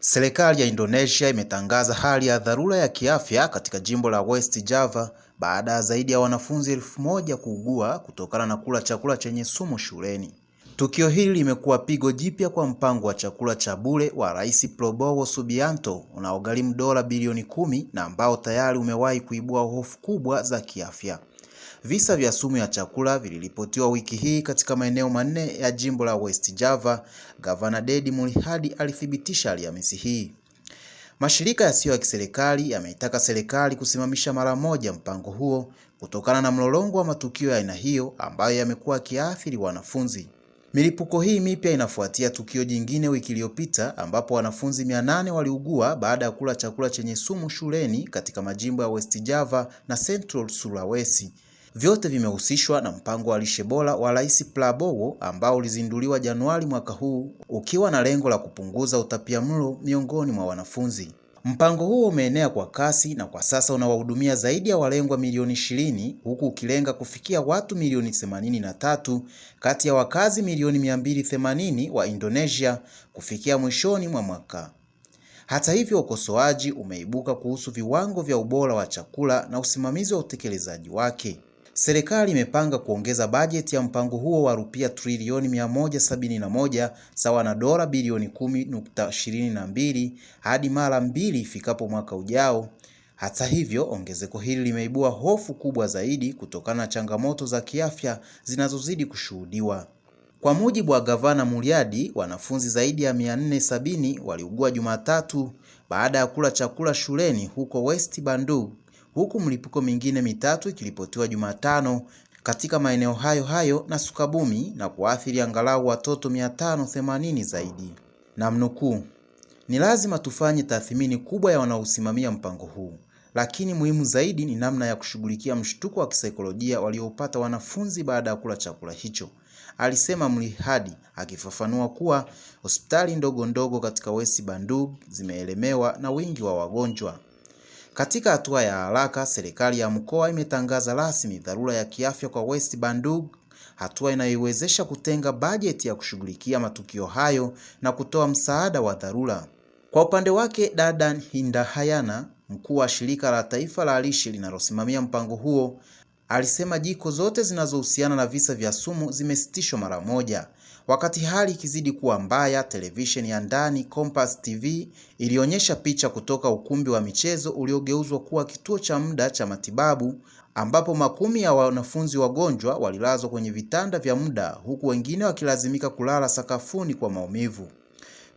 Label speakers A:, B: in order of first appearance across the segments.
A: Serikali ya Indonesia imetangaza hali ya dharura ya kiafya katika jimbo la West Java baada ya zaidi ya wanafunzi elfu moja kuugua kutokana na kula chakula chenye sumu shuleni. Tukio hili limekuwa pigo jipya kwa mpango wa chakula cha bure wa Rais Prabowo Subianto unaogharimu dola bilioni kumi na ambao tayari umewahi kuibua hofu kubwa za kiafya. Visa vya sumu ya chakula viliripotiwa wiki hii katika maeneo manne ya jimbo la West Java, Gavana Dedi Mulihadi alithibitisha Alhamisi hii. Mashirika yasiyo ya kiserikali yameitaka serikali kusimamisha mara moja mpango huo kutokana na mlolongo wa matukio ya aina hiyo ambayo yamekuwa yakiathiri wanafunzi. Milipuko hii mipya inafuatia tukio jingine wiki iliyopita ambapo wanafunzi mia nane waliugua baada ya kula chakula chenye sumu shuleni katika majimbo ya West Java na Central Sulawesi. Vyote vimehusishwa na mpango wa lishe bora wa Rais Prabowo ambao ulizinduliwa Januari mwaka huu ukiwa na lengo la kupunguza utapiamlo miongoni mwa wanafunzi. Mpango huo umeenea kwa kasi na kwa sasa unawahudumia zaidi ya walengwa milioni ishirini huku ukilenga kufikia watu milioni themanini na tatu kati ya wakazi milioni mia mbili themanini wa Indonesia kufikia mwishoni mwa mwaka. Hata hivyo, ukosoaji umeibuka kuhusu viwango vya ubora wa chakula na usimamizi wa utekelezaji wake. Serikali imepanga kuongeza bajeti ya mpango huo wa rupia trilioni 171 sawa na dola bilioni 10.22 hadi mara mbili ifikapo mwaka ujao. Hata hivyo, ongezeko hili limeibua hofu kubwa zaidi kutokana na changamoto za kiafya zinazozidi kushuhudiwa. Kwa mujibu wa Gavana Muriadi, wanafunzi zaidi ya 470 waliugua Jumatatu baada ya kula chakula shuleni huko West Bandung huku mlipuko mingine mitatu ikiripotiwa Jumatano katika maeneo hayo hayo na Sukabumi na kuathiri angalau watoto 580 zaidi. Namnukuu, ni lazima tufanye tathmini kubwa ya wanaosimamia mpango huu, lakini muhimu zaidi ni namna ya kushughulikia mshtuko wa kisaikolojia walioupata wanafunzi baada ya kula chakula hicho, alisema Mlihadi akifafanua kuwa hospitali ndogo ndogo katika West Bandung zimeelemewa na wingi wa wagonjwa. Katika hatua ya haraka, serikali ya mkoa imetangaza rasmi dharura ya kiafya kwa West Bandung, hatua inayoiwezesha kutenga bajeti ya kushughulikia matukio hayo na kutoa msaada wa dharura. Kwa upande wake, Dadan Hindahayana, mkuu wa shirika la taifa la lishe linalosimamia mpango huo, Alisema jiko zote zinazohusiana na visa vya sumu zimesitishwa mara moja. Wakati hali ikizidi kuwa mbaya, televisheni ya ndani Compass TV ilionyesha picha kutoka ukumbi wa michezo uliogeuzwa kuwa kituo cha muda cha matibabu ambapo makumi ya wanafunzi wagonjwa walilazwa kwenye vitanda vya muda huku wengine wakilazimika kulala sakafuni kwa maumivu.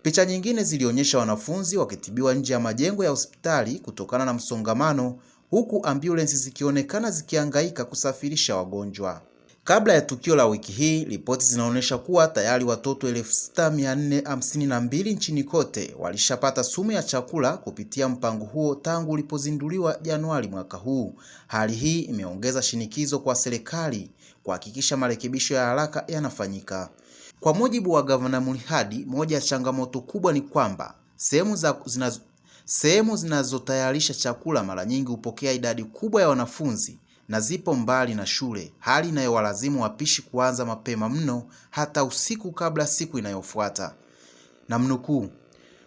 A: Picha nyingine zilionyesha wanafunzi wakitibiwa nje ya majengo ya hospitali kutokana na msongamano huku ambulensi zikionekana zikihangaika kusafirisha wagonjwa. Kabla ya tukio la wiki hii, ripoti zinaonyesha kuwa tayari watoto 6452 nchini kote walishapata sumu ya chakula kupitia mpango huo tangu ulipozinduliwa Januari mwaka huu. Hali hii imeongeza shinikizo kwa serikali kuhakikisha marekebisho ya haraka yanafanyika. Kwa mujibu wa Gavana Mulihadi, moja ya changamoto kubwa ni kwamba sehemu zinazo sehemu zinazotayarisha chakula mara nyingi hupokea idadi kubwa ya wanafunzi na zipo mbali na shule, hali inayowalazimu wapishi kuanza mapema mno hata usiku kabla siku inayofuata. na mnukuu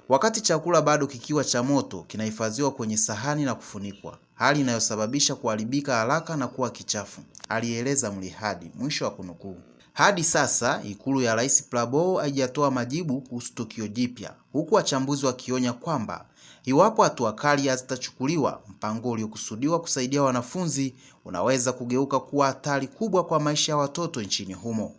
A: wakati chakula bado kikiwa cha moto kinahifadhiwa kwenye sahani na kufunikwa, hali inayosababisha kuharibika haraka na kuwa kichafu, alieleza Mudhadi. Mwisho wa kunukuu. Hadi sasa Ikulu ya Rais plabo haijatoa majibu kuhusu tukio jipya, huku wachambuzi wakionya kwamba iwapo hatua kali hazitachukuliwa, mpango uliokusudiwa kusaidia wanafunzi unaweza kugeuka kuwa hatari kubwa kwa maisha ya watoto nchini humo.